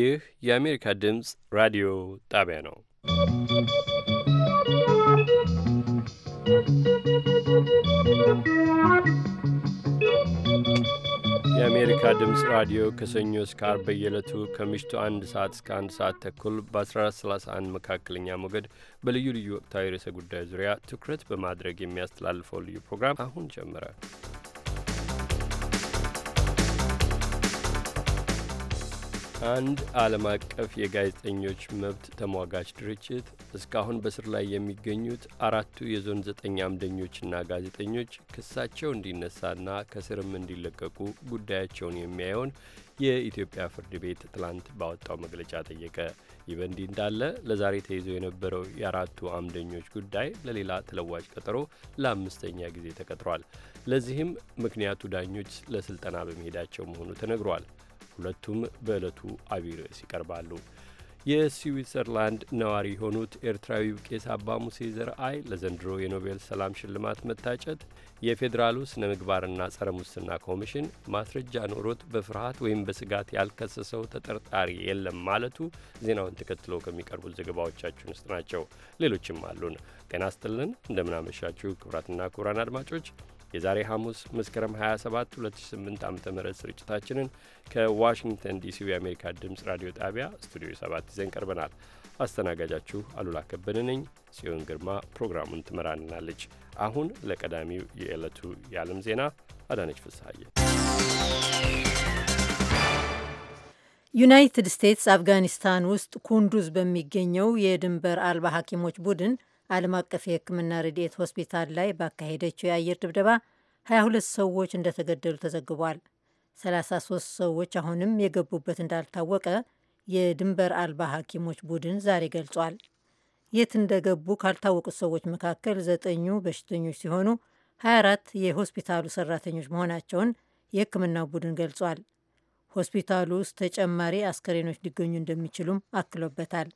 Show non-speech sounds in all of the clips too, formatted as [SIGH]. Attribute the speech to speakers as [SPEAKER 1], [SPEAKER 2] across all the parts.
[SPEAKER 1] ይህ የአሜሪካ ድምፅ ራዲዮ ጣቢያ ነው። የአሜሪካ ድምፅ ራዲዮ ከሰኞ እስከ አርብ በየዕለቱ ከምሽቱ አንድ ሰዓት እስከ አንድ ሰዓት ተኩል በ1431 መካከለኛ ሞገድ በልዩ ልዩ ወቅታዊ ርዕሰ ጉዳይ ዙሪያ ትኩረት በማድረግ የሚያስተላልፈው ልዩ ፕሮግራም አሁን ጀመረ። አንድ ዓለም አቀፍ የጋዜጠኞች መብት ተሟጋች ድርጅት እስካሁን በስር ላይ የሚገኙት አራቱ የዞን ዘጠኝ አምደኞችና ጋዜጠኞች ክሳቸው እንዲነሳና ከስርም እንዲለቀቁ ጉዳያቸውን የሚያየውን የኢትዮጵያ ፍርድ ቤት ትላንት ባወጣው መግለጫ ጠየቀ። ይህ በእንዲህ እንዳለ ለዛሬ ተይዞ የነበረው የአራቱ አምደኞች ጉዳይ ለሌላ ተለዋጭ ቀጠሮ ለአምስተኛ ጊዜ ተቀጥሯል። ለዚህም ምክንያቱ ዳኞች ለስልጠና በመሄዳቸው መሆኑ ተነግሯል። ሁለቱም በዕለቱ አብይ ርዕስ ይቀርባሉ። የስዊትዘርላንድ ነዋሪ የሆኑት ኤርትራዊው ቄስ አባ ሙሴ ዘርአይ ለዘንድሮ የኖቤል ሰላም ሽልማት መታጨት የፌዴራሉ ስነ ምግባርና ጸረ ሙስና ኮሚሽን ማስረጃ ኖሮት በፍርሃት ወይም በስጋት ያልከሰሰው ተጠርጣሪ የለም ማለቱ ዜናውን ተከትሎ ከሚቀርቡት ዘገባዎቻችን ውስጥ ናቸው። ሌሎችም አሉን። ጤና ስጥልን፣ እንደምናመሻችሁ ክቡራትና ክቡራን አድማጮች የዛሬ ሐሙስ መስከረም 27 2008 ዓ ም ስርጭታችንን ከዋሽንግተን ዲሲ የአሜሪካ ድምፅ ራዲዮ ጣቢያ ስቱዲዮ 7 ይዘን ቀርበናል። አስተናጋጃችሁ አሉላ ከበደ ነኝ። ጽዮን ግርማ ፕሮግራሙን ትመራንናለች። አሁን ለቀዳሚው የዕለቱ የዓለም ዜና አዳነች ፍስሐየ።
[SPEAKER 2] ዩናይትድ ስቴትስ አፍጋኒስታን ውስጥ ኩንዱዝ በሚገኘው የድንበር አልባ ሐኪሞች ቡድን ዓለም አቀፍ የሕክምና ረድኤት ሆስፒታል ላይ ባካሄደችው የአየር ድብደባ 22 ሰዎች እንደተገደሉ ተዘግቧል። 33 ሰዎች አሁንም የገቡበት እንዳልታወቀ የድንበር አልባ ሐኪሞች ቡድን ዛሬ ገልጿል። የት እንደገቡ ካልታወቁት ሰዎች መካከል ዘጠኙ በሽተኞች ሲሆኑ 24 የሆስፒታሉ ሰራተኞች መሆናቸውን የሕክምናው ቡድን ገልጿል። ሆስፒታሉ ውስጥ ተጨማሪ አስከሬኖች ሊገኙ እንደሚችሉም አክሎበታል።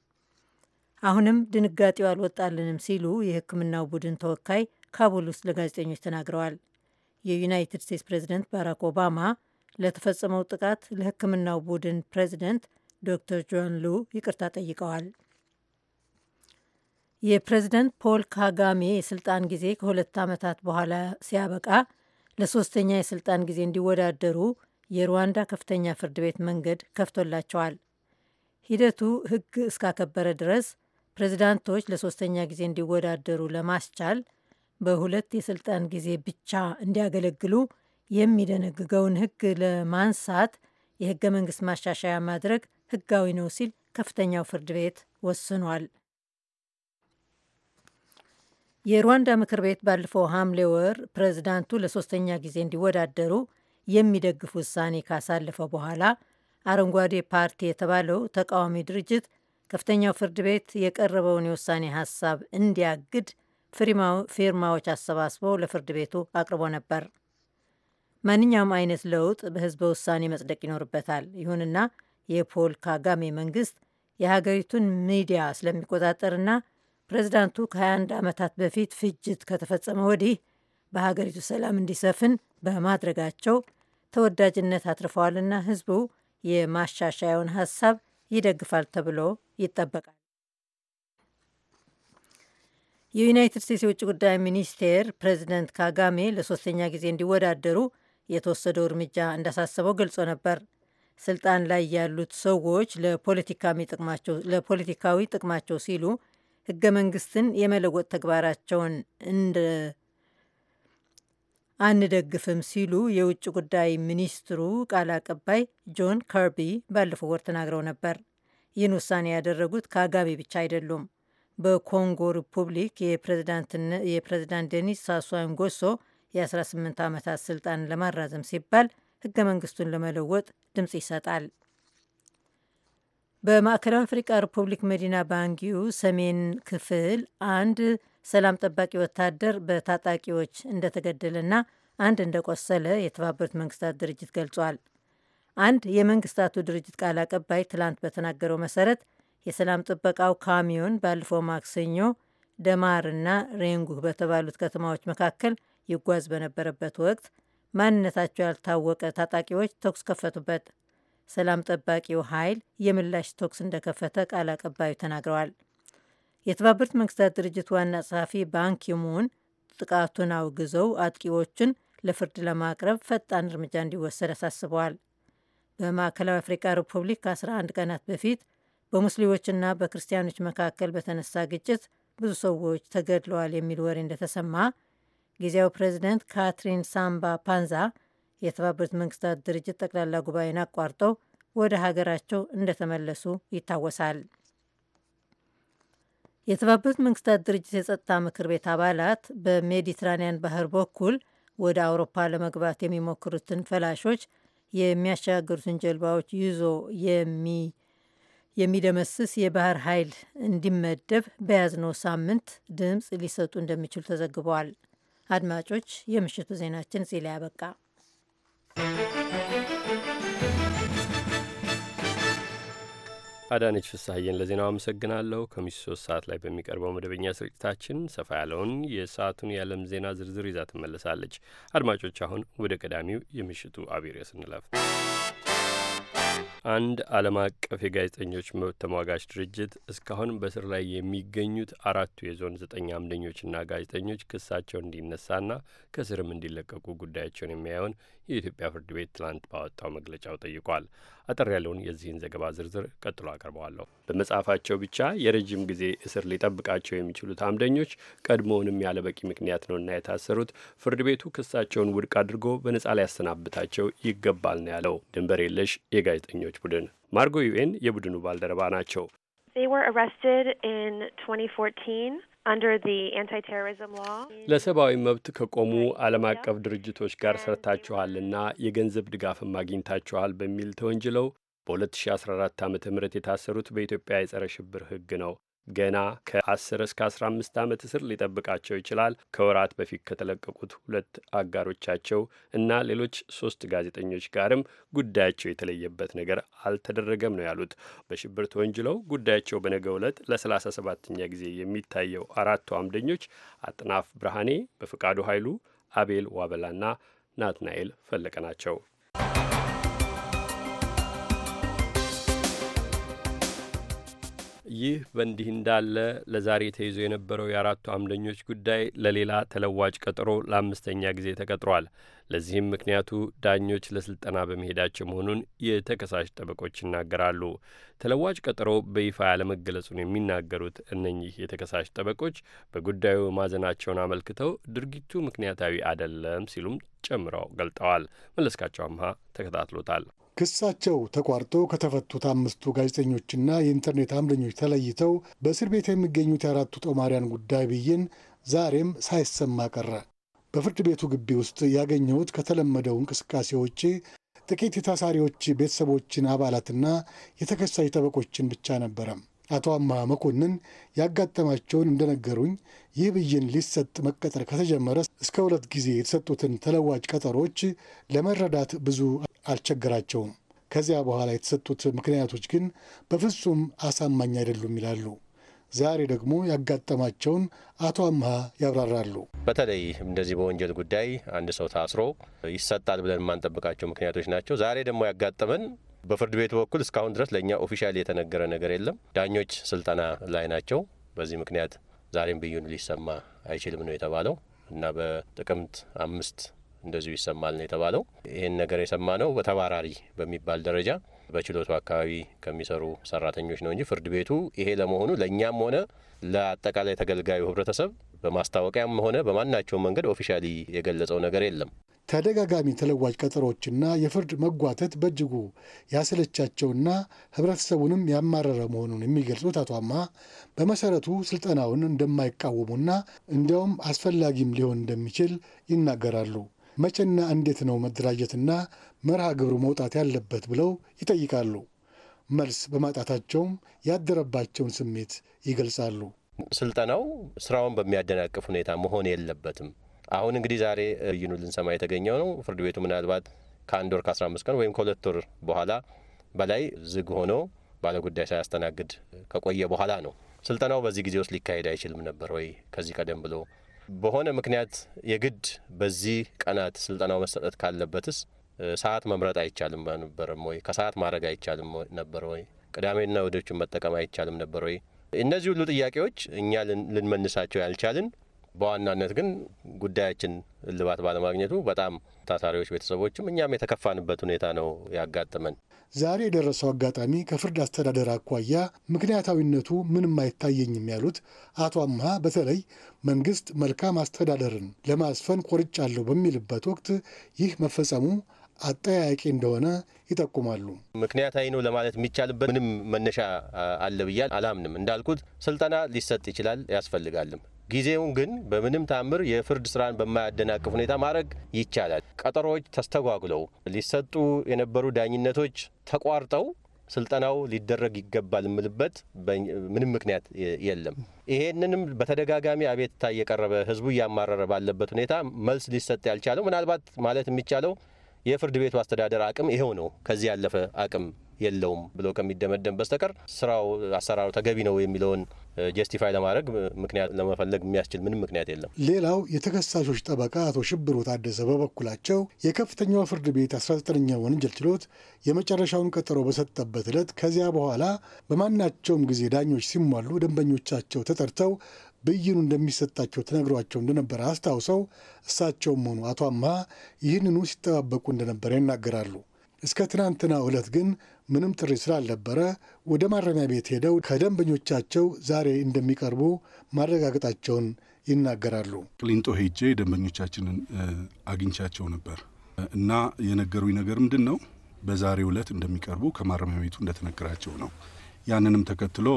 [SPEAKER 2] አሁንም ድንጋጤው አልወጣልንም ሲሉ የሕክምናው ቡድን ተወካይ ካቡል ውስጥ ለጋዜጠኞች ተናግረዋል። የዩናይትድ ስቴትስ ፕሬዚደንት ባራክ ኦባማ ለተፈጸመው ጥቃት ለሕክምናው ቡድን ፕሬዚደንት ዶክተር ጆን ሉ ይቅርታ ጠይቀዋል። የፕሬዚደንት ፖል ካጋሜ የስልጣን ጊዜ ከሁለት ዓመታት በኋላ ሲያበቃ ለሶስተኛ የስልጣን ጊዜ እንዲወዳደሩ የሩዋንዳ ከፍተኛ ፍርድ ቤት መንገድ ከፍቶላቸዋል። ሂደቱ ህግ እስካከበረ ድረስ ፕሬዚዳንቶች ለሶስተኛ ጊዜ እንዲወዳደሩ ለማስቻል በሁለት የስልጣን ጊዜ ብቻ እንዲያገለግሉ የሚደነግገውን ህግ ለማንሳት የህገ መንግስት ማሻሻያ ማድረግ ህጋዊ ነው ሲል ከፍተኛው ፍርድ ቤት ወስኗል። የሩዋንዳ ምክር ቤት ባለፈው ሐምሌ ወር ፕሬዚዳንቱ ለሶስተኛ ጊዜ እንዲወዳደሩ የሚደግፍ ውሳኔ ካሳለፈ በኋላ አረንጓዴ ፓርቲ የተባለው ተቃዋሚ ድርጅት ከፍተኛው ፍርድ ቤት የቀረበውን የውሳኔ ሀሳብ እንዲያግድ ፊርማዎች አሰባስበው ለፍርድ ቤቱ አቅርቦ ነበር። ማንኛውም አይነት ለውጥ በህዝበ ውሳኔ መጽደቅ ይኖርበታል። ይሁንና የፖል ካጋሜ መንግስት የሀገሪቱን ሚዲያ ስለሚቆጣጠርና ፕሬዚዳንቱ ከ21 ዓመታት በፊት ፍጅት ከተፈጸመ ወዲህ በሀገሪቱ ሰላም እንዲሰፍን በማድረጋቸው ተወዳጅነት አትርፈዋልና ህዝቡ የማሻሻያውን ሀሳብ ይደግፋል ተብሎ ይጠበቃል። የዩናይትድ ስቴትስ የውጭ ጉዳይ ሚኒስቴር ፕሬዚደንት ካጋሜ ለሶስተኛ ጊዜ እንዲወዳደሩ የተወሰደው እርምጃ እንዳሳሰበው ገልጾ ነበር። ስልጣን ላይ ያሉት ሰዎች ለፖለቲካዊ ጥቅማቸው ሲሉ ህገ መንግስትን የመለወጥ ተግባራቸውን እንደ አንደግፍም ሲሉ የውጭ ጉዳይ ሚኒስትሩ ቃል አቀባይ ጆን ከርቢ ባለፈው ወር ተናግረው ነበር። ይህን ውሳኔ ያደረጉት ከአጋቢ ብቻ አይደሉም። በኮንጎ ሪፑብሊክ የፕሬዚዳንት ዴኒስ ሳሷን ጎሶ የ18 ዓመታት ስልጣን ለማራዘም ሲባል ህገ መንግስቱን ለመለወጥ ድምፅ ይሰጣል። በማዕከላዊ አፍሪቃ ሪፑብሊክ መዲና ባንጊው ሰሜን ክፍል አንድ ሰላም ጠባቂ ወታደር በታጣቂዎች እንደተገደለና አንድ እንደቆሰለ የተባበሩት መንግስታት ድርጅት ገልጿል። አንድ የመንግስታቱ ድርጅት ቃል አቀባይ ትላንት በተናገረው መሰረት የሰላም ጥበቃው ካሚዮን ባለፈው ማክሰኞ ደማርና ሬንጉህ በተባሉት ከተማዎች መካከል ይጓዝ በነበረበት ወቅት ማንነታቸው ያልታወቀ ታጣቂዎች ተኩስ ከፈቱበት። ሰላም ጠባቂው ኃይል የምላሽ ተኩስ እንደከፈተ ቃል አቀባዩ ተናግረዋል። የተባበሩት መንግስታት ድርጅት ዋና ጸሐፊ ባንኪሙን ጥቃቱን አውግዘው አጥቂዎቹን ለፍርድ ለማቅረብ ፈጣን እርምጃ እንዲወሰድ አሳስበዋል። በማዕከላዊ አፍሪካ ሪፑብሊክ ከ11 ቀናት በፊት በሙስሊሞችና በክርስቲያኖች መካከል በተነሳ ግጭት ብዙ ሰዎች ተገድለዋል የሚል ወሬ እንደተሰማ ጊዜያዊ ፕሬዚደንት ካትሪን ሳምባ ፓንዛ የተባበሩት መንግስታት ድርጅት ጠቅላላ ጉባኤን አቋርጠው ወደ ሀገራቸው እንደተመለሱ ይታወሳል። የተባበሩት መንግስታት ድርጅት የጸጥታ ምክር ቤት አባላት በሜዲትራኒያን ባህር በኩል ወደ አውሮፓ ለመግባት የሚሞክሩትን ፈላሾች የሚያሻገሩትን ጀልባዎች ይዞ የሚደመስስ የባህር ኃይል እንዲመደብ በያዝነው ሳምንት ድምፅ ሊሰጡ እንደሚችሉ ተዘግበዋል። አድማጮች፣ የምሽቱ ዜናችን እዚህ ላይ ያበቃ።
[SPEAKER 1] አዳነች ፍሳሐዬን ለዜናው አመሰግናለሁ። ከምሽቱ ሶስት ሰዓት ላይ በሚቀርበው መደበኛ ስርጭታችን ሰፋ ያለውን የሰዓቱን የዓለም ዜና ዝርዝር ይዛ ትመለሳለች። አድማጮች፣ አሁን ወደ ቀዳሚው የምሽቱ አብሬ ስንለፍ አንድ ዓለም አቀፍ የጋዜጠኞች መብት ተሟጋች ድርጅት እስካሁን በስር ላይ የሚገኙት አራቱ የዞን ዘጠኝ አምደኞችና ጋዜጠኞች ክሳቸው እንዲነሳና ከስርም እንዲለቀቁ ጉዳያቸውን የሚያየውን የኢትዮጵያ ፍርድ ቤት ትላንት ባወጣው መግለጫው ጠይቋል። አጠር ያለውን የዚህን ዘገባ ዝርዝር ቀጥሎ አቀርበዋለሁ። በመጽሐፋቸው ብቻ የረጅም ጊዜ እስር ሊጠብቃቸው የሚችሉት አምደኞች ቀድሞውንም ያለ በቂ ምክንያት ነውና የታሰሩት ፍርድ ቤቱ ክሳቸውን ውድቅ አድርጎ በነጻ ሊያሰናብታቸው ይገባል ነው ያለው ድንበር የለሽ የጋዜጠኞች ቡድን። ማርጎ ዩኤን የቡድኑ ባልደረባ ናቸው።
[SPEAKER 3] They were arrested in 2014.
[SPEAKER 1] ለሰብአዊ መብት ከቆሙ ዓለም አቀፍ ድርጅቶች ጋር ሰርታችኋልና የገንዘብ ድጋፍም ማግኝታችኋል በሚል ተወንጅለው በ2014 ዓ ም የታሰሩት በኢትዮጵያ የጸረ ሽብር ሕግ ነው። ገና ከ10 እስከ 15 ዓመት እስር ሊጠብቃቸው ይችላል። ከወራት በፊት ከተለቀቁት ሁለት አጋሮቻቸው እና ሌሎች ሶስት ጋዜጠኞች ጋርም ጉዳያቸው የተለየበት ነገር አልተደረገም ነው ያሉት። በሽብር ተወንጅለው ጉዳያቸው በነገ ዕለት ለ37ኛ ጊዜ የሚታየው አራቱ አምደኞች አጥናፍ ብርሃኔ፣ በፍቃዱ ኃይሉ፣ አቤል ዋበላና ናትናኤል ፈለቀ ናቸው። ይህ በእንዲህ እንዳለ ለዛሬ ተይዞ የነበረው የአራቱ አምደኞች ጉዳይ ለሌላ ተለዋጭ ቀጠሮ ለአምስተኛ ጊዜ ተቀጥሯል። ለዚህም ምክንያቱ ዳኞች ለስልጠና በመሄዳቸው መሆኑን የተከሳሽ ጠበቆች ይናገራሉ። ተለዋጭ ቀጠሮ በይፋ ያለመገለጹን የሚናገሩት እነኚህ የተከሳሽ ጠበቆች በጉዳዩ ማዘናቸውን አመልክተው ድርጊቱ ምክንያታዊ አይደለም ሲሉም ጨምረው ገልጠዋል። መለስካቸው አምሃ ተከታትሎታል።
[SPEAKER 4] ክሳቸው ተቋርጦ ከተፈቱት አምስቱ ጋዜጠኞችና የኢንተርኔት አምደኞች ተለይተው በእስር ቤት የሚገኙት የአራቱ ጦማሪያን ጉዳይ ብይን ዛሬም ሳይሰማ ቀረ። በፍርድ ቤቱ ግቢ ውስጥ ያገኘሁት ከተለመደው እንቅስቃሴ ውጪ ጥቂት የታሳሪዎች ቤተሰቦችን አባላትና የተከሳሽ ጠበቆችን ብቻ ነበረ። አቶ አምሃ መኮንን ያጋጠማቸውን እንደነገሩኝ ይህ ብይን ሊሰጥ መቀጠር ከተጀመረ እስከ ሁለት ጊዜ የተሰጡትን ተለዋጭ ቀጠሮች ለመረዳት ብዙ አልቸገራቸውም። ከዚያ በኋላ የተሰጡት ምክንያቶች ግን በፍጹም አሳማኝ አይደሉም ይላሉ። ዛሬ ደግሞ ያጋጠማቸውን አቶ አምሃ ያብራራሉ።
[SPEAKER 5] በተለይ እንደዚህ በወንጀል ጉዳይ አንድ ሰው ታስሮ ይሰጣል ብለን የማንጠብቃቸው ምክንያቶች ናቸው። ዛሬ ደግሞ ያጋጠመን በፍርድ ቤቱ በኩል እስካሁን ድረስ ለእኛ ኦፊሻል የተነገረ ነገር የለም። ዳኞች ስልጠና ላይ ናቸው። በዚህ ምክንያት ዛሬም ብይኑ ሊሰማ አይችልም ነው የተባለው እና በጥቅምት አምስት እንደዚሁ ይሰማል ነው የተባለው። ይህን ነገር የሰማ ነው በተባራሪ በሚባል ደረጃ በችሎቱ አካባቢ ከሚሰሩ ሰራተኞች ነው እንጂ ፍርድ ቤቱ ይሄ ለመሆኑ ለእኛም ሆነ ለአጠቃላይ ተገልጋዩ ህብረተሰብ በማስታወቂያም ሆነ በማናቸው መንገድ ኦፊሻሊ የገለጸው ነገር የለም።
[SPEAKER 4] ተደጋጋሚ ተለዋጭ ቀጠሮዎችና የፍርድ መጓተት በእጅጉ ያሰለቻቸውና ህብረተሰቡንም ያማረረ መሆኑን የሚገልጹት አቶ አማ በመሰረቱ ስልጠናውን እንደማይቃወሙና እንዲያውም አስፈላጊም ሊሆን እንደሚችል ይናገራሉ። መቼና እንዴት ነው መደራጀትና መርሃ ግብሩ መውጣት ያለበት ብለው ይጠይቃሉ። መልስ በማጣታቸውም ያደረባቸውን ስሜት ይገልጻሉ።
[SPEAKER 5] ስልጠናው ስራውን በሚያደናቅፍ ሁኔታ መሆን የለበትም። አሁን እንግዲህ ዛሬ ብይኑን ልንሰማ የተገኘው ነው። ፍርድ ቤቱ ምናልባት ከአንድ ወር ከአስራ አምስት ቀን ወይም ከሁለት ወር በኋላ በላይ ዝግ ሆኖ ባለጉዳይ ሳያስተናግድ ከቆየ በኋላ ነው። ስልጠናው በዚህ ጊዜ ውስጥ ሊካሄድ አይችልም ነበር ወይ? ከዚህ ቀደም ብሎ በሆነ ምክንያት የግድ በዚህ ቀናት ስልጠናው መሰጠት ካለበትስ ሰዓት መምረጥ አይቻልም ነበርም ወይ? ከሰዓት ማድረግ አይቻልም ነበር ወይ? ቅዳሜና እሁዶቹን መጠቀም አይቻልም ነበር ወይ? እነዚህ ሁሉ ጥያቄዎች እኛ ልንመልሳቸው ያልቻልን፣ በዋናነት ግን ጉዳያችን እልባት ባለማግኘቱ በጣም ታሳሪዎች ቤተሰቦችም እኛም የተከፋንበት ሁኔታ ነው ያጋጠመን።
[SPEAKER 4] ዛሬ የደረሰው አጋጣሚ ከፍርድ አስተዳደር አኳያ ምክንያታዊነቱ ምንም አይታየኝም ያሉት አቶ አምሃ በተለይ መንግስት መልካም አስተዳደርን ለማስፈን ቆርጫለሁ በሚልበት ወቅት ይህ መፈጸሙ አጠያያቂ እንደሆነ ይጠቁማሉ።
[SPEAKER 5] ምክንያታዊ ነው ለማለት የሚቻልበት ምንም መነሻ አለ ብያል አላምንም። እንዳልኩት ስልጠና ሊሰጥ ይችላል ያስፈልጋልም። ጊዜውን ግን በምንም ታምር የፍርድ ስራን በማያደናቅፍ ሁኔታ ማድረግ ይቻላል። ቀጠሮዎች ተስተጓጉለው ሊሰጡ የነበሩ ዳኝነቶች ተቋርጠው ስልጠናው ሊደረግ ይገባል የምልበት ምንም ምክንያት የለም። ይሄንንም በተደጋጋሚ አቤቱታ እየቀረበ ህዝቡ እያማረረ ባለበት ሁኔታ መልስ ሊሰጥ ያልቻለው ምናልባት ማለት የሚቻለው የፍርድ ቤቱ አስተዳደር አቅም ይሄው ነው፣ ከዚህ ያለፈ አቅም የለውም ብሎ ከሚደመደም በስተቀር ስራው አሰራሩ ተገቢ ነው የሚለውን ጀስቲፋይ ለማድረግ ምክንያት ለመፈለግ የሚያስችል ምንም ምክንያት የለም።
[SPEAKER 4] ሌላው የተከሳሾች ጠበቃ አቶ ሽብሩ ታደሰ በበኩላቸው የከፍተኛው ፍርድ ቤት 19ኛ ወንጀል ችሎት የመጨረሻውን ቀጠሮ በሰጠበት ዕለት ከዚያ በኋላ በማናቸውም ጊዜ ዳኞች ሲሟሉ ደንበኞቻቸው ተጠርተው ብይኑ እንደሚሰጣቸው ተነግሯቸው እንደነበረ አስታውሰው እሳቸውም ሆኑ አቶ አምሃ ይህንኑ ሲጠባበቁ እንደነበረ ይናገራሉ። እስከ ትናንትና ዕለት ግን ምንም ጥሪ ስላልነበረ ወደ ማረሚያ ቤት ሄደው ከደንበኞቻቸው ዛሬ እንደሚቀርቡ ማረጋገጣቸውን
[SPEAKER 6] ይናገራሉ። ቅሊንጦ ሄጄ ደንበኞቻችንን አግኝቻቸው ነበር እና የነገሩኝ ነገር ምንድን ነው? በዛሬ ዕለት እንደሚቀርቡ ከማረሚያ ቤቱ እንደተነገራቸው ነው። ያንንም ተከትሎ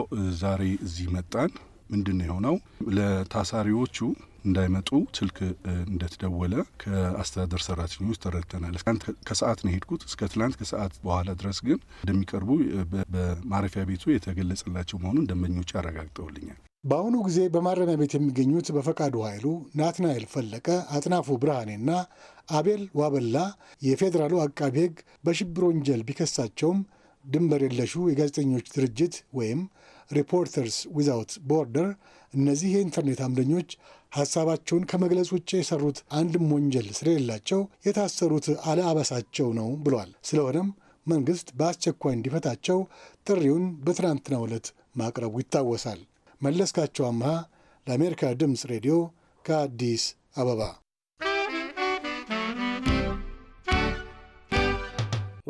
[SPEAKER 6] ዛሬ እዚህ መጣን። ምንድን ነው የሆነው? ለታሳሪዎቹ እንዳይመጡ ስልክ እንደተደወለ ከአስተዳደር ሰራተኞች ተረድተናል። ትናንት ከሰዓት ነው የሄድኩት። እስከ ትላንት ከሰዓት በኋላ ድረስ ግን እንደሚቀርቡ በማረፊያ ቤቱ የተገለጸላቸው መሆኑን ደንበኞች አረጋግጠውልኛል።
[SPEAKER 4] በአሁኑ ጊዜ በማረሚያ ቤት የሚገኙት በፈቃዱ ኃይሉ፣ ናትናኤል ፈለቀ፣ አጥናፉ ብርሃኔና አቤል ዋበላ የፌዴራሉ አቃቢ ሕግ በሽብር ወንጀል ቢከሳቸውም ድንበር የለሹ የጋዜጠኞች ድርጅት ወይም ሪፖርተርስ ዊዛውት ቦርደር እነዚህ የኢንተርኔት አምደኞች ሀሳባቸውን ከመግለጽ ውጭ የሰሩት አንድም ወንጀል ስለሌላቸው የታሰሩት አለአበሳቸው ነው ብሏል። ስለሆነም መንግስት በአስቸኳይ እንዲፈታቸው ጥሪውን በትናንትና ዕለት ማቅረቡ ይታወሳል። መለስካቸው አምሃ ለአሜሪካ ድምፅ ሬዲዮ ከአዲስ አበባ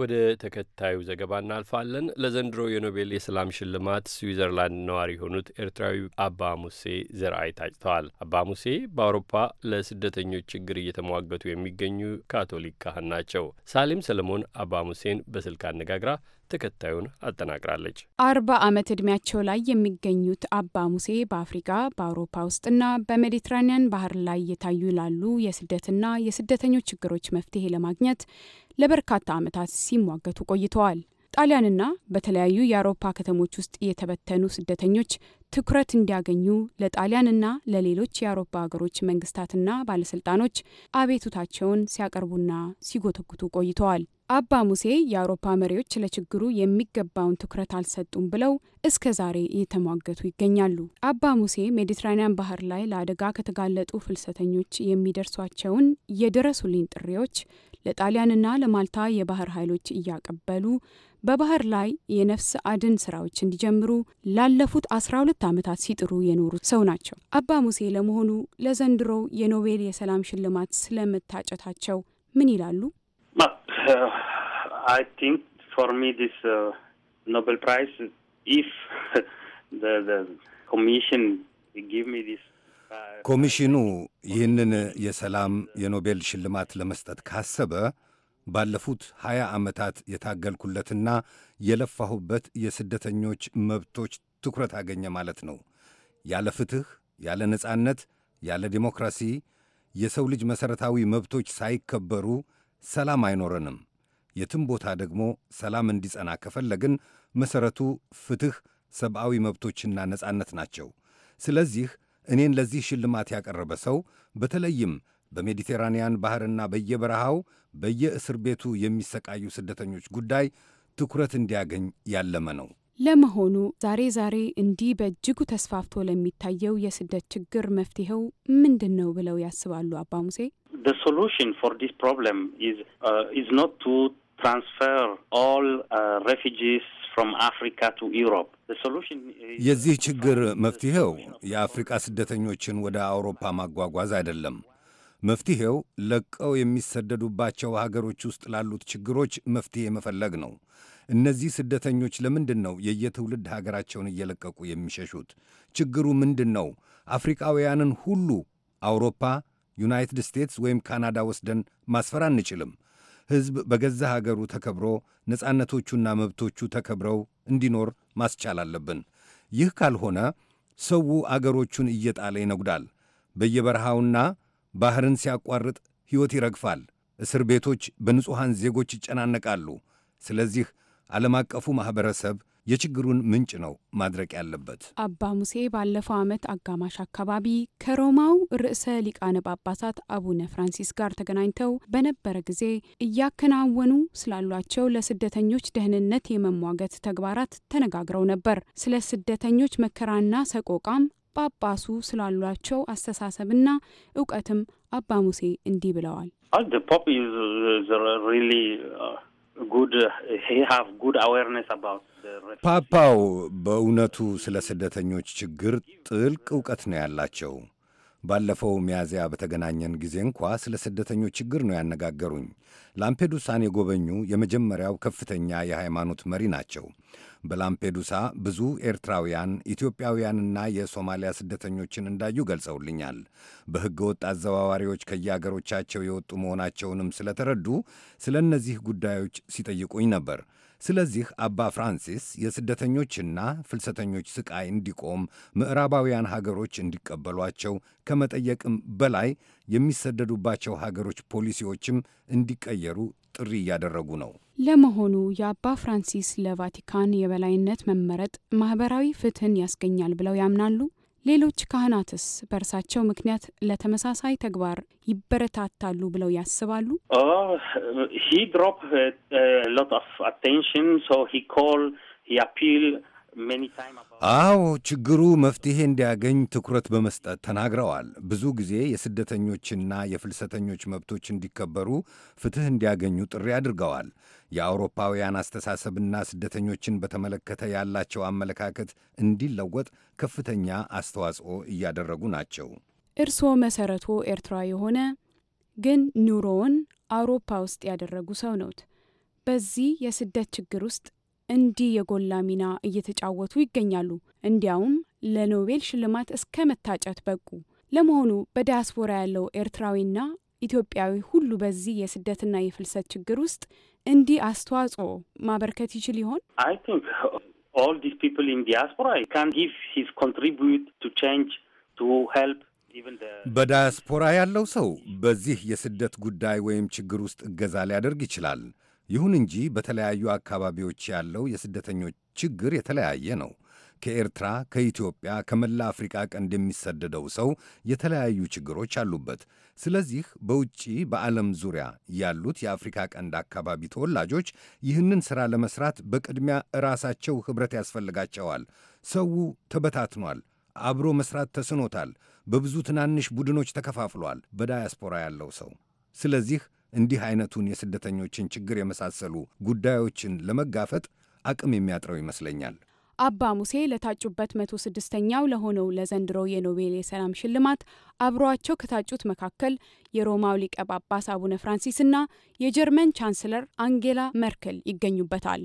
[SPEAKER 1] ወደ ተከታዩ ዘገባ እናልፋለን። ለዘንድሮ የኖቤል የሰላም ሽልማት ስዊዘርላንድ ነዋሪ የሆኑት ኤርትራዊ አባ ሙሴ ዘርአይ ታጭተዋል። አባ ሙሴ በአውሮፓ ለስደተኞች ችግር እየተሟገቱ የሚገኙ ካቶሊክ ካህን ናቸው። ሳሌም ሰለሞን አባ ሙሴን በስልክ አነጋግራ ተከታዩን አጠናቅራለች።
[SPEAKER 7] አርባ ዓመት ዕድሜያቸው ላይ የሚገኙት አባ ሙሴ በአፍሪካ በአውሮፓ ውስጥና በሜዲትራኒያን ባህር ላይ እየታዩ ላሉ የስደትና የስደተኞች ችግሮች መፍትሄ ለማግኘት ለበርካታ ዓመታት ሲሟገቱ ቆይተዋል። ጣሊያንና በተለያዩ የአውሮፓ ከተሞች ውስጥ የተበተኑ ስደተኞች ትኩረት እንዲያገኙ ለጣሊያንና ለሌሎች የአውሮፓ ሀገሮች መንግስታትና ባለስልጣኖች አቤቱታቸውን ሲያቀርቡና ሲጎተጉቱ ቆይተዋል። አባ ሙሴ የአውሮፓ መሪዎች ለችግሩ የሚገባውን ትኩረት አልሰጡም ብለው እስከ ዛሬ እየተሟገቱ ይገኛሉ። አባ ሙሴ ሜዲትራኒያን ባህር ላይ ለአደጋ ከተጋለጡ ፍልሰተኞች የሚደርሷቸውን የድረሱልኝ ጥሪዎች ለጣሊያንና ለማልታ የባህር ኃይሎች እያቀበሉ በባህር ላይ የነፍስ አድን ስራዎች እንዲጀምሩ ላለፉት 12 ዓመታት ሲጥሩ የኖሩ ሰው ናቸው። አባ ሙሴ ለመሆኑ ለዘንድሮው የኖቤል የሰላም ሽልማት ስለመታጨታቸው ምን ይላሉ?
[SPEAKER 3] But, uh, I think for me this uh, Nobel Prize, if [LAUGHS] the, the commission give me this uh,
[SPEAKER 8] ኮሚሽኑ ይህንን የሰላም የኖቤል ሽልማት ለመስጠት ካሰበ ባለፉት ሀያ ዓመታት የታገልኩለትና የለፋሁበት የስደተኞች መብቶች ትኩረት አገኘ ማለት ነው። ያለ ፍትሕ፣ ያለ ነጻነት፣ ያለ ዲሞክራሲ የሰው ልጅ መሠረታዊ መብቶች ሳይከበሩ ሰላም አይኖረንም። የትም ቦታ ደግሞ ሰላም እንዲጸና ከፈለግን መሠረቱ ፍትሕ፣ ሰብአዊ መብቶችና ነጻነት ናቸው። ስለዚህ እኔን ለዚህ ሽልማት ያቀረበ ሰው በተለይም በሜዲቴራንያን ባሕርና በየበረሃው በየእስር ቤቱ የሚሰቃዩ ስደተኞች ጉዳይ ትኩረት እንዲያገኝ ያለመ ነው።
[SPEAKER 7] ለመሆኑ ዛሬ ዛሬ እንዲህ በእጅጉ ተስፋፍቶ ለሚታየው የስደት ችግር መፍትሄው ምንድን ነው ብለው ያስባሉ አባ ሙሴ?
[SPEAKER 3] the solution for this problem is uh, is not to transfer all uh, refugees from Africa to Europe.
[SPEAKER 8] የዚህ ችግር መፍትሄው የአፍሪካ ስደተኞችን ወደ አውሮፓ ማጓጓዝ አይደለም። መፍትሄው ለቀው የሚሰደዱባቸው ሀገሮች ውስጥ ላሉት ችግሮች መፍትሄ መፈለግ ነው። እነዚህ ስደተኞች ለምንድን ነው የየትውልድ ሀገራቸውን እየለቀቁ የሚሸሹት? ችግሩ ምንድን ነው? አፍሪካውያንን ሁሉ አውሮፓ ዩናይትድ ስቴትስ ወይም ካናዳ ወስደን ማስፈር አንችልም። ሕዝብ በገዛ ሀገሩ ተከብሮ ነጻነቶቹና መብቶቹ ተከብረው እንዲኖር ማስቻል አለብን። ይህ ካልሆነ ሰው አገሮቹን እየጣለ ይነጉዳል። በየበረሃውና ባህርን ሲያቋርጥ ሕይወት ይረግፋል። እስር ቤቶች በንጹሐን ዜጎች ይጨናነቃሉ። ስለዚህ ዓለም አቀፉ ማኅበረሰብ የችግሩን ምንጭ ነው ማድረቅ ያለበት።
[SPEAKER 7] አባ ሙሴ ባለፈው ዓመት አጋማሽ አካባቢ ከሮማው ርዕሰ ሊቃነ ጳጳሳት አቡነ ፍራንሲስ ጋር ተገናኝተው በነበረ ጊዜ እያከናወኑ ስላሏቸው ለስደተኞች ደህንነት የመሟገት ተግባራት ተነጋግረው ነበር። ስለ ስደተኞች መከራና ሰቆቃም ጳጳሱ ስላሏቸው አስተሳሰብና እውቀትም አባ ሙሴ እንዲህ ብለዋል።
[SPEAKER 8] ፓፓው በእውነቱ ስለ ስደተኞች ችግር ጥልቅ እውቀት ነው ያላቸው። ባለፈው ሚያዝያ በተገናኘን ጊዜ እንኳ ስለ ስደተኞች ችግር ነው ያነጋገሩኝ። ላምፔዱሳን የጎበኙ የመጀመሪያው ከፍተኛ የሃይማኖት መሪ ናቸው። በላምፔዱሳ ብዙ ኤርትራውያን፣ ኢትዮጵያውያንና የሶማሊያ ስደተኞችን እንዳዩ ገልጸውልኛል። በሕገ ወጥ አዘዋዋሪዎች ከየአገሮቻቸው የወጡ መሆናቸውንም ስለተረዱ ስለ እነዚህ ጉዳዮች ሲጠይቁኝ ነበር። ስለዚህ አባ ፍራንሲስ የስደተኞችና ፍልሰተኞች ስቃይ እንዲቆም ምዕራባውያን ሀገሮች እንዲቀበሏቸው ከመጠየቅም በላይ የሚሰደዱባቸው ሀገሮች ፖሊሲዎችም እንዲቀየሩ ጥሪ እያደረጉ ነው።
[SPEAKER 7] ለመሆኑ የአባ ፍራንሲስ ለቫቲካን የበላይነት መመረጥ ማህበራዊ ፍትህን ያስገኛል ብለው ያምናሉ? ሌሎች ካህናትስ በእርሳቸው ምክንያት ለተመሳሳይ ተግባር ይበረታታሉ ብለው ያስባሉ?
[SPEAKER 8] አዎ፣ ችግሩ መፍትሄ እንዲያገኝ ትኩረት በመስጠት ተናግረዋል። ብዙ ጊዜ የስደተኞችና የፍልሰተኞች መብቶች እንዲከበሩ፣ ፍትህ እንዲያገኙ ጥሪ አድርገዋል። የአውሮፓውያን አስተሳሰብና ስደተኞችን በተመለከተ ያላቸው አመለካከት እንዲለወጥ ከፍተኛ አስተዋጽኦ እያደረጉ ናቸው።
[SPEAKER 7] እርስዎ መሰረቶ ኤርትራ የሆነ ግን ኑሮውን አውሮፓ ውስጥ ያደረጉ ሰው ነዎት። በዚህ የስደት ችግር ውስጥ እንዲህ የጎላ ሚና እየተጫወቱ ይገኛሉ። እንዲያውም ለኖቤል ሽልማት እስከ መታጨት በቁ። ለመሆኑ በዲያስፖራ ያለው ኤርትራዊና ኢትዮጵያዊ ሁሉ በዚህ የስደትና የፍልሰት ችግር ውስጥ እንዲህ አስተዋጽኦ ማበርከት ይችል ይሆን?
[SPEAKER 3] አይ ቲንክ ኦል ዲስ ፒፕል ኢን ዲያስፖራ ካን ጊቭ ሂዝ ኮንትሪቢዩት ቱ ቼንጅ ቱ ሄልፕ
[SPEAKER 8] በዳያስፖራ ያለው ሰው በዚህ የስደት ጉዳይ ወይም ችግር ውስጥ እገዛ ሊያደርግ ይችላል። ይሁን እንጂ በተለያዩ አካባቢዎች ያለው የስደተኞች ችግር የተለያየ ነው። ከኤርትራ፣ ከኢትዮጵያ፣ ከመላ አፍሪቃ ቀንድ የሚሰደደው ሰው የተለያዩ ችግሮች አሉበት። ስለዚህ በውጭ በዓለም ዙሪያ ያሉት የአፍሪካ ቀንድ አካባቢ ተወላጆች ይህንን ሥራ ለመሥራት በቅድሚያ ራሳቸው ኅብረት ያስፈልጋቸዋል። ሰው ተበታትኗል። አብሮ መሥራት ተስኖታል። በብዙ ትናንሽ ቡድኖች ተከፋፍሏል። በዳያስፖራ ያለው ሰው ስለዚህ እንዲህ አይነቱን የስደተኞችን ችግር የመሳሰሉ ጉዳዮችን ለመጋፈጥ አቅም የሚያጥረው ይመስለኛል።
[SPEAKER 7] አባ ሙሴ ለታጩበት መቶ ስድስተኛው ለሆነው ለዘንድሮ የኖቤል የሰላም ሽልማት አብሯቸው ከታጩት መካከል የሮማው ሊቀ ጳጳስ አቡነ ፍራንሲስና የጀርመን ቻንስለር አንጌላ መርክል ይገኙበታል።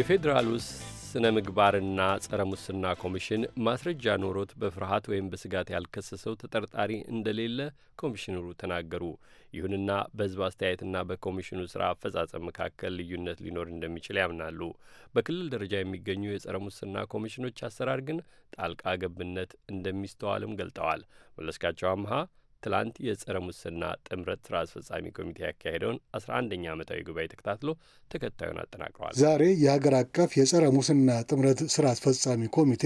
[SPEAKER 1] የፌዴራል ውስጥ ስነ ምግባርና ጸረ ሙስና ኮሚሽን ማስረጃ ኖሮት በፍርሃት ወይም በስጋት ያልከሰሰው ተጠርጣሪ እንደሌለ ኮሚሽነሩ ተናገሩ። ይሁንና በሕዝብ አስተያየትና በኮሚሽኑ ስራ አፈጻጸም መካከል ልዩነት ሊኖር እንደሚችል ያምናሉ። በክልል ደረጃ የሚገኙ የጸረ ሙስና ኮሚሽኖች አሰራር ግን ጣልቃ ገብነት እንደሚስተዋልም ገልጠዋል። መለስካቸው አምሃ ትላንት የጸረ ሙስና ጥምረት ስራ አስፈጻሚ ኮሚቴ ያካሄደውን አስራ አንደኛ ዓመታዊ ጉባኤ ተከታትሎ ተከታዩን አጠናቅረዋል። ዛሬ
[SPEAKER 4] የሀገር አቀፍ የጸረ ሙስና ጥምረት ስራ አስፈጻሚ ኮሚቴ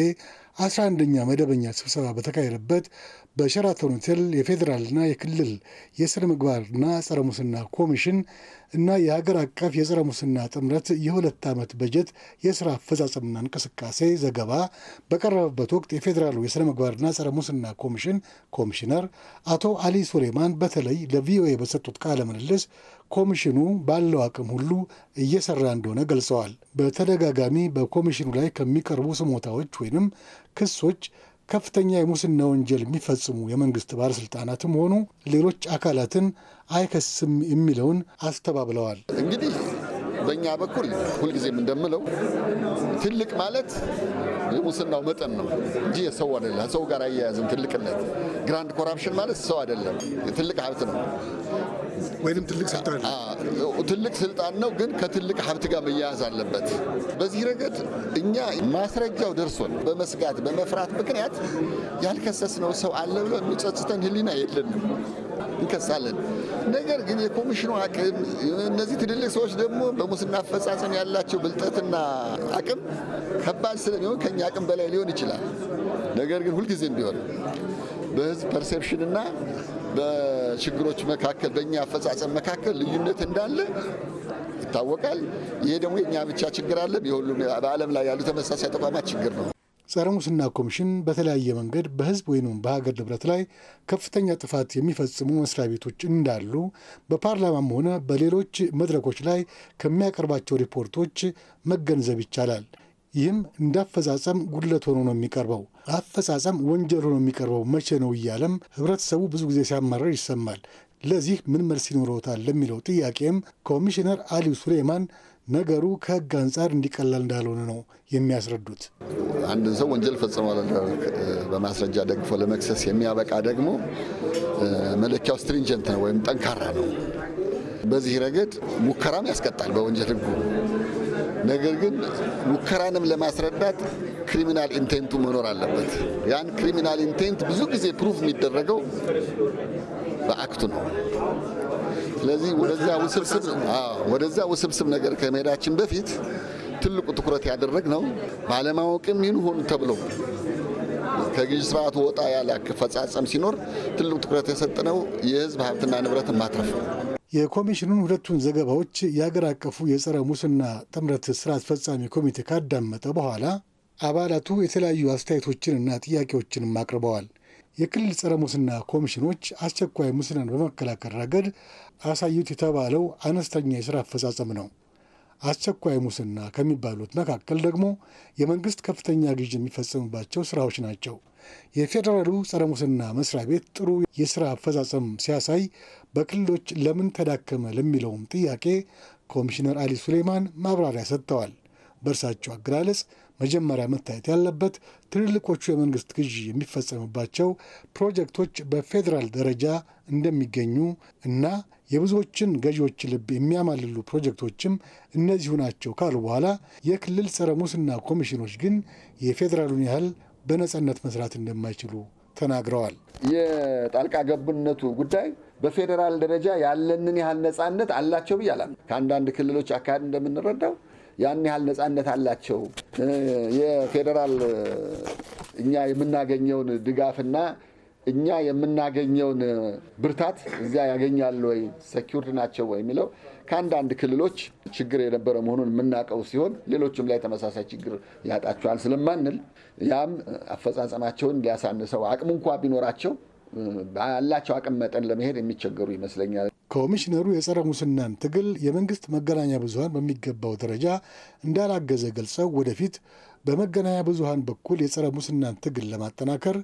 [SPEAKER 4] 11ኛ መደበኛ ስብሰባ በተካሄደበት በሸራተን ሆቴል የፌዴራልና የክልል የስነ ምግባርና ጸረ ሙስና ኮሚሽን እና የሀገር አቀፍ የጸረ ሙስና ጥምረት የሁለት ዓመት በጀት የስራ አፈጻጸምና እንቅስቃሴ ዘገባ በቀረበበት ወቅት የፌዴራሉ የሥነ ምግባርና ጸረ ሙስና ኮሚሽን ኮሚሽነር አቶ አሊ ሱሌማን በተለይ ለቪኦኤ በሰጡት ቃለ ምልልስ ኮሚሽኑ ባለው አቅም ሁሉ እየሰራ እንደሆነ ገልጸዋል። በተደጋጋሚ በኮሚሽኑ ላይ ከሚቀርቡ ስሞታዎች ወይንም ክሶች ከፍተኛ የሙስና ወንጀል የሚፈጽሙ የመንግስት ባለስልጣናትም ሆኑ ሌሎች አካላትን አይከስም የሚለውን አስተባብለዋል።
[SPEAKER 9] እንግዲህ በእኛ በኩል ሁልጊዜም እንደምለው ትልቅ ማለት የሙስናው መጠን ነው እንጂ የሰው አይደለም። ሰው ጋር አያያዝም ትልቅነት ግራንድ ኮራፕሽን ማለት ሰው አይደለም፣ ትልቅ ሀብት ነው። ወይም ትልቅ ስልጣን ትልቅ ስልጣን ነው፣ ግን ከትልቅ ሀብት ጋር መያያዝ አለበት። በዚህ ረገድ እኛ ማስረጃው ደርሶን በመስጋት በመፍራት ምክንያት ያልከሰስነው ሰው አለ ብሎ የሚጸጽተን ህሊና የለንም። እንከሳለን። ነገር ግን የኮሚሽኑ አቅም፣ እነዚህ ትልልቅ ሰዎች ደግሞ በሙስና አፈጻጸም ያላቸው ብልጠትና አቅም ከባድ ስለሚሆን ከኛ አቅም በላይ ሊሆን ይችላል። ነገር ግን ሁልጊዜም ቢሆን በህዝብ ፐርሴፕሽንና በችግሮች መካከል በእኛ አፈጻጸም መካከል ልዩነት እንዳለ ይታወቃል። ይሄ ደግሞ የእኛ ብቻ ችግር አለ፣ የሁሉም በዓለም ላይ ያሉ ተመሳሳይ ተቋማት ችግር ነው።
[SPEAKER 4] ጸረ ሙስና ኮሚሽን በተለያየ መንገድ በህዝብ ወይም በሀገር ንብረት ላይ ከፍተኛ ጥፋት የሚፈጽሙ መስሪያ ቤቶች እንዳሉ በፓርላማም ሆነ በሌሎች መድረኮች ላይ ከሚያቀርባቸው ሪፖርቶች መገንዘብ ይቻላል። ይህም እንደ አፈጻጸም ጉድለት ሆኖ ነው የሚቀርበው። አፈጻጸም ወንጀል ሆኖ የሚቀርበው መቼ ነው እያለም ህብረተሰቡ ብዙ ጊዜ ሲያማረር ይሰማል። ለዚህ ምን መልስ ይኖረውታል ለሚለው ጥያቄም ኮሚሽነር አሊው ሱሌማን ነገሩ ከህግ አንጻር እንዲቀላል እንዳልሆነ ነው የሚያስረዱት።
[SPEAKER 9] አንድን ሰው ወንጀል ፈጽሟል በማስረጃ ደግፎ ለመክሰስ የሚያበቃ ደግሞ መለኪያው ስትሪንጀንት ነው ወይም ጠንካራ ነው። በዚህ ረገድ ሙከራም ያስቀጣል በወንጀል ህጉ ነገር ግን ሙከራንም ለማስረዳት ክሪሚናል ኢንቴንቱ መኖር አለበት። ያን ክሪሚናል ኢንቴንት ብዙ ጊዜ ፕሩፍ የሚደረገው በአክቱ ነው። ስለዚህ ወደዛ ውስብስብ ነገር ከመሄዳችን በፊት ትልቁ ትኩረት ያደረግ ነው ባለማወቅም ይህን ሆኑ ተብሎ ከግዥ ስርዓቱ ወጣ ያለ አፈጻጸም ሲኖር ትልቁ ትኩረት የሰጠነው የህዝብ ሀብትና ንብረትን ማትረፍ ነው።
[SPEAKER 4] የኮሚሽኑን ሁለቱን ዘገባዎች የአገር አቀፉ የጸረ ሙስና ጥምረት ስራ አስፈጻሚ ኮሚቴ ካዳመጠ በኋላ አባላቱ የተለያዩ አስተያየቶችንና ጥያቄዎችንም አቅርበዋል። የክልል ጸረ ሙስና ኮሚሽኖች አስቸኳይ ሙስናን በመከላከል ረገድ አሳዩት የተባለው አነስተኛ የስራ አፈጻጸም ነው። አስቸኳይ ሙስና ከሚባሉት መካከል ደግሞ የመንግስት ከፍተኛ ግዥ የሚፈጸምባቸው ስራዎች ናቸው። የፌዴራሉ ጸረ ሙስና መስሪያ ቤት ጥሩ የስራ አፈጻጸም ሲያሳይ በክልሎች ለምን ተዳከመ ለሚለውም ጥያቄ ኮሚሽነር አሊ ሱሌማን ማብራሪያ ሰጥተዋል። በእርሳቸው አገላለጽ መጀመሪያ መታየት ያለበት ትልልቆቹ የመንግስት ግዢ የሚፈጸምባቸው ፕሮጀክቶች በፌዴራል ደረጃ እንደሚገኙ እና የብዙዎችን ገዢዎች ልብ የሚያማልሉ ፕሮጀክቶችም እነዚሁ ናቸው ካሉ በኋላ የክልል ጸረ ሙስና ኮሚሽኖች ግን የፌዴራሉን ያህል በነጻነት መስራት እንደማይችሉ ተናግረዋል።
[SPEAKER 9] የጣልቃ ገብነቱ ጉዳይ በፌዴራል ደረጃ ያለንን ያህል ነጻነት አላቸው ብዬ አላምንም። ከአንዳንድ ክልሎች አካሄድ እንደምንረዳው ያን ያህል ነጻነት አላቸው። የፌዴራል እኛ የምናገኘውን ድጋፍና እኛ የምናገኘውን ብርታት እዚያ ያገኛሉ ወይ፣ ሰኪርድ ናቸው ወይ የሚለው ከአንዳንድ ክልሎች ችግር የነበረ መሆኑን የምናውቀው ሲሆን ሌሎችም ላይ ተመሳሳይ ችግር ያጣቸዋል ስለማንል ያም አፈጻጸማቸውን ሊያሳንሰው አቅም እንኳ ቢኖራቸው ባላቸው አቅም መጠን ለመሄድ የሚቸገሩ ይመስለኛል።
[SPEAKER 4] ኮሚሽነሩ የጸረ ሙስናን ትግል የመንግስት መገናኛ ብዙሀን በሚገባው ደረጃ እንዳላገዘ ገልጸው ወደፊት በመገናኛ ብዙሀን በኩል የጸረ ሙስናን ትግል ለማጠናከር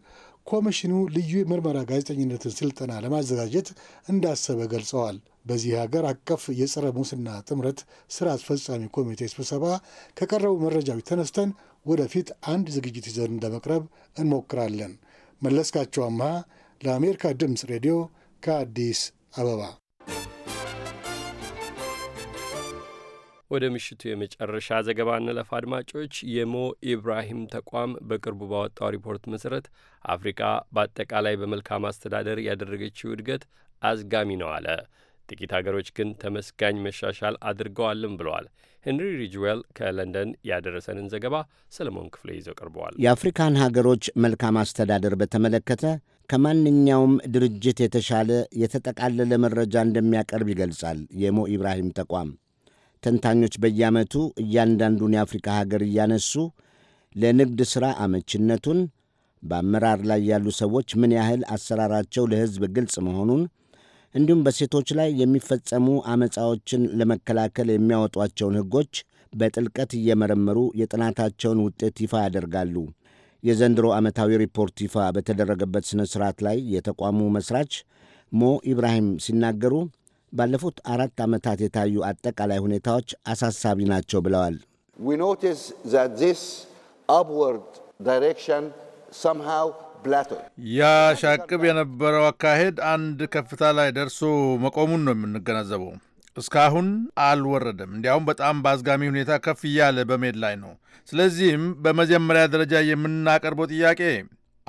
[SPEAKER 4] ኮሚሽኑ ልዩ የምርመራ ጋዜጠኝነትን ስልጠና ለማዘጋጀት እንዳሰበ ገልጸዋል። በዚህ ሀገር አቀፍ የጸረ ሙስና ጥምረት ስራ አስፈጻሚ ኮሚቴ ስብሰባ ከቀረቡ መረጃዎች ተነስተን ወደፊት አንድ ዝግጅት ይዘን እንደመቅረብ እንሞክራለን። መለስካቸው አምሃ ለአሜሪካ ድምፅ ሬዲዮ ከአዲስ አበባ
[SPEAKER 1] ወደ ምሽቱ የመጨረሻ ዘገባ እንለፍ አድማጮች። የሞ ኢብራሂም ተቋም በቅርቡ ባወጣው ሪፖርት መሠረት አፍሪካ በአጠቃላይ በመልካም አስተዳደር ያደረገችው እድገት አዝጋሚ ነው አለ። ጥቂት አገሮች ግን ተመስጋኝ መሻሻል አድርገዋልም ብለዋል። ሄንሪ ሪጅዌል ከለንደን ያደረሰንን ዘገባ ሰለሞን ክፍሌ ይዘው ቀርበዋል።
[SPEAKER 10] የአፍሪካን ሀገሮች መልካም አስተዳደር በተመለከተ ከማንኛውም ድርጅት የተሻለ የተጠቃለለ መረጃ እንደሚያቀርብ ይገልጻል የሞ ኢብራሂም ተቋም ተንታኞች በየዓመቱ እያንዳንዱን የአፍሪካ ሀገር እያነሱ ለንግድ ሥራ አመችነቱን፣ በአመራር ላይ ያሉ ሰዎች ምን ያህል አሰራራቸው ለሕዝብ ግልጽ መሆኑን እንዲሁም በሴቶች ላይ የሚፈጸሙ አመፃዎችን ለመከላከል የሚያወጧቸውን ሕጎች በጥልቀት እየመረመሩ የጥናታቸውን ውጤት ይፋ ያደርጋሉ። የዘንድሮ ዓመታዊ ሪፖርት ይፋ በተደረገበት ሥነ ሥርዓት ላይ የተቋሙ መሥራች ሞ ኢብራሂም ሲናገሩ ባለፉት አራት ዓመታት የታዩ አጠቃላይ ሁኔታዎች አሳሳቢ ናቸው ብለዋል። ያሻቅብ የነበረው አካሄድ
[SPEAKER 6] አንድ ከፍታ ላይ ደርሶ መቆሙን ነው የምንገነዘበው። እስካሁን አልወረደም። እንዲያውም በጣም በአዝጋሚ ሁኔታ ከፍ እያለ በመሄድ ላይ ነው። ስለዚህም በመጀመሪያ ደረጃ የምናቀርበው ጥያቄ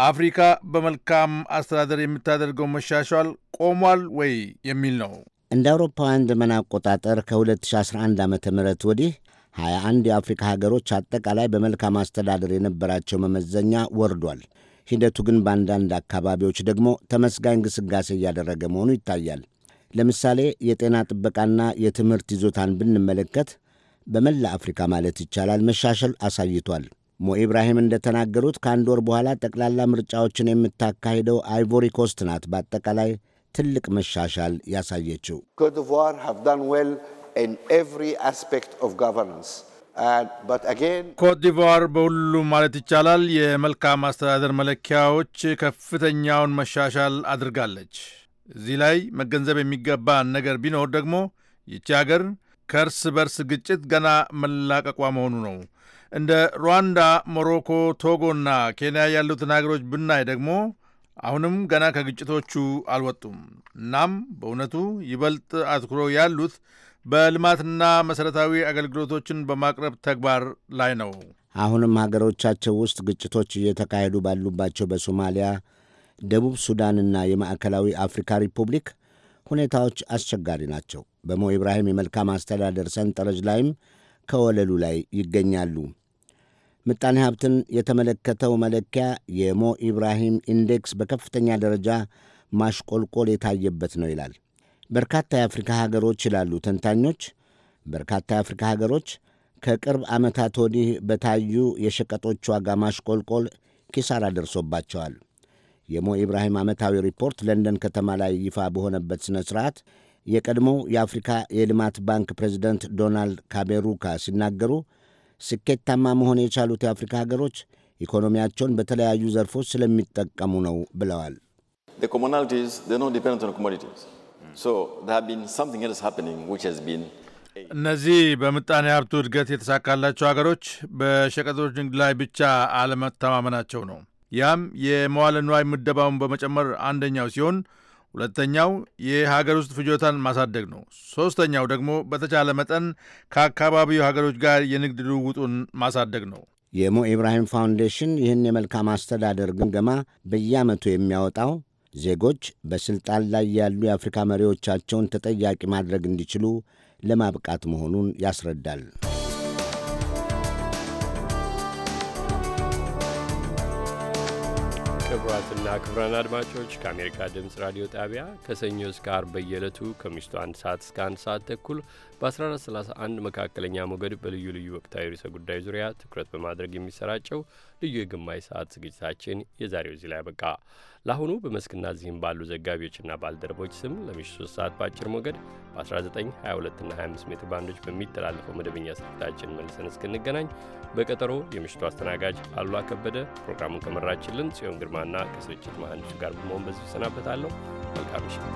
[SPEAKER 6] አፍሪካ በመልካም አስተዳደር የምታደርገው መሻሻል ቆሟል ወይ የሚል ነው።
[SPEAKER 10] እንደ አውሮፓውያን ዘመን አቆጣጠር ከ2011 ዓ ም ወዲህ 21 የአፍሪካ ሀገሮች አጠቃላይ በመልካም አስተዳደር የነበራቸው መመዘኛ ወርዷል። ሂደቱ ግን በአንዳንድ አካባቢዎች ደግሞ ተመስጋኝ ግስጋሴ እያደረገ መሆኑ ይታያል። ለምሳሌ የጤና ጥበቃና የትምህርት ይዞታን ብንመለከት በመላ አፍሪካ ማለት ይቻላል መሻሸል አሳይቷል። ሞ ኢብራሂም እንደተናገሩት ከአንድ ወር በኋላ ጠቅላላ ምርጫዎችን የምታካሂደው አይቮሪ ኮስት ናት። በአጠቃላይ ትልቅ መሻሻል ያሳየችው። ኮትዲቯር በሁሉም ማለት ይቻላል
[SPEAKER 6] የመልካም አስተዳደር መለኪያዎች ከፍተኛውን መሻሻል አድርጋለች። እዚህ ላይ መገንዘብ የሚገባን ነገር ቢኖር ደግሞ ይቺ አገር ከእርስ በርስ ግጭት ገና መላቀቋ መሆኑ ነው። እንደ ሩዋንዳ፣ ሞሮኮ፣ ቶጎና ኬንያ ያሉትን አገሮች ብናይ ደግሞ አሁንም ገና ከግጭቶቹ አልወጡም። እናም በእውነቱ ይበልጥ አትኩሮ ያሉት በልማትና መሠረታዊ አገልግሎቶችን በማቅረብ ተግባር ላይ ነው።
[SPEAKER 10] አሁንም ሀገሮቻቸው ውስጥ ግጭቶች እየተካሄዱ ባሉባቸው በሶማሊያ፣ ደቡብ ሱዳንና የማዕከላዊ አፍሪካ ሪፑብሊክ ሁኔታዎች አስቸጋሪ ናቸው። በሞ ኢብራሂም የመልካም አስተዳደር ሰንጠረዥ ላይም ከወለሉ ላይ ይገኛሉ። ምጣኔ ሀብትን የተመለከተው መለኪያ የሞ ኢብራሂም ኢንዴክስ በከፍተኛ ደረጃ ማሽቆልቆል የታየበት ነው ይላል። በርካታ የአፍሪካ ሀገሮች ይላሉ ተንታኞች፣ በርካታ የአፍሪካ ሀገሮች ከቅርብ ዓመታት ወዲህ በታዩ የሸቀጦች ዋጋ ማሽቆልቆል ኪሳራ ደርሶባቸዋል። የሞ ኢብራሂም ዓመታዊ ሪፖርት ለንደን ከተማ ላይ ይፋ በሆነበት ሥነ ሥርዓት የቀድሞው የአፍሪካ የልማት ባንክ ፕሬዚደንት ዶናልድ ካቤሩካ ሲናገሩ ስኬታማ መሆን የቻሉት የአፍሪካ ሀገሮች ኢኮኖሚያቸውን በተለያዩ ዘርፎች ስለሚጠቀሙ ነው ብለዋል።
[SPEAKER 6] እነዚህ በምጣኔ ሀብቱ እድገት የተሳካላቸው ሀገሮች በሸቀጦች ንግድ ላይ ብቻ አለመተማመናቸው ነው። ያም የመዋለ ንዋይ ምደባውን በመጨመር አንደኛው ሲሆን ሁለተኛው የሀገር ውስጥ ፍጆታን ማሳደግ ነው። ሶስተኛው ደግሞ በተቻለ መጠን ከአካባቢው ሀገሮች ጋር የንግድ ልውውጡን ማሳደግ ነው።
[SPEAKER 10] የሞ ኢብራሂም ፋውንዴሽን ይህን የመልካም አስተዳደር ግምገማ በየዓመቱ የሚያወጣው ዜጎች በሥልጣን ላይ ያሉ የአፍሪካ መሪዎቻቸውን ተጠያቂ ማድረግ እንዲችሉ ለማብቃት መሆኑን ያስረዳል።
[SPEAKER 1] ክቡራትና ክቡራን አድማጮች ከአሜሪካ ድምፅ ራዲዮ ጣቢያ ከሰኞ እስከ አርብ በየዕለቱ ከምሽቱ አንድ ሰዓት እስከ አንድ ሰዓት ተኩል በ1431 መካከለኛ ሞገድ በልዩ ልዩ ወቅታዊ ርዕሰ ጉዳይ ዙሪያ ትኩረት በማድረግ የሚሰራጨው ልዩ የግማሽ ሰዓት ዝግጅታችን የዛሬው እዚህ ላይ ያበቃ። ለአሁኑ በመስክና እዚህም ባሉ ዘጋቢዎችና ባልደረቦች ስም ለምሽቱ 3 ሰዓት በአጭር ሞገድ በ 1922 22 25 ሜትር ባንዶች በሚተላለፈው መደበኛ ስርጭታችን መልሰን እስክንገናኝ በቀጠሮ የምሽቱ አስተናጋጅ አሉላ ከበደ ፕሮግራሙን ከመራችልን ጽዮን ግርማና ከስርጭት መሐንዲሱ ጋር በመሆን በዚሁ እሰናበታለሁ። መልካም ምሽት።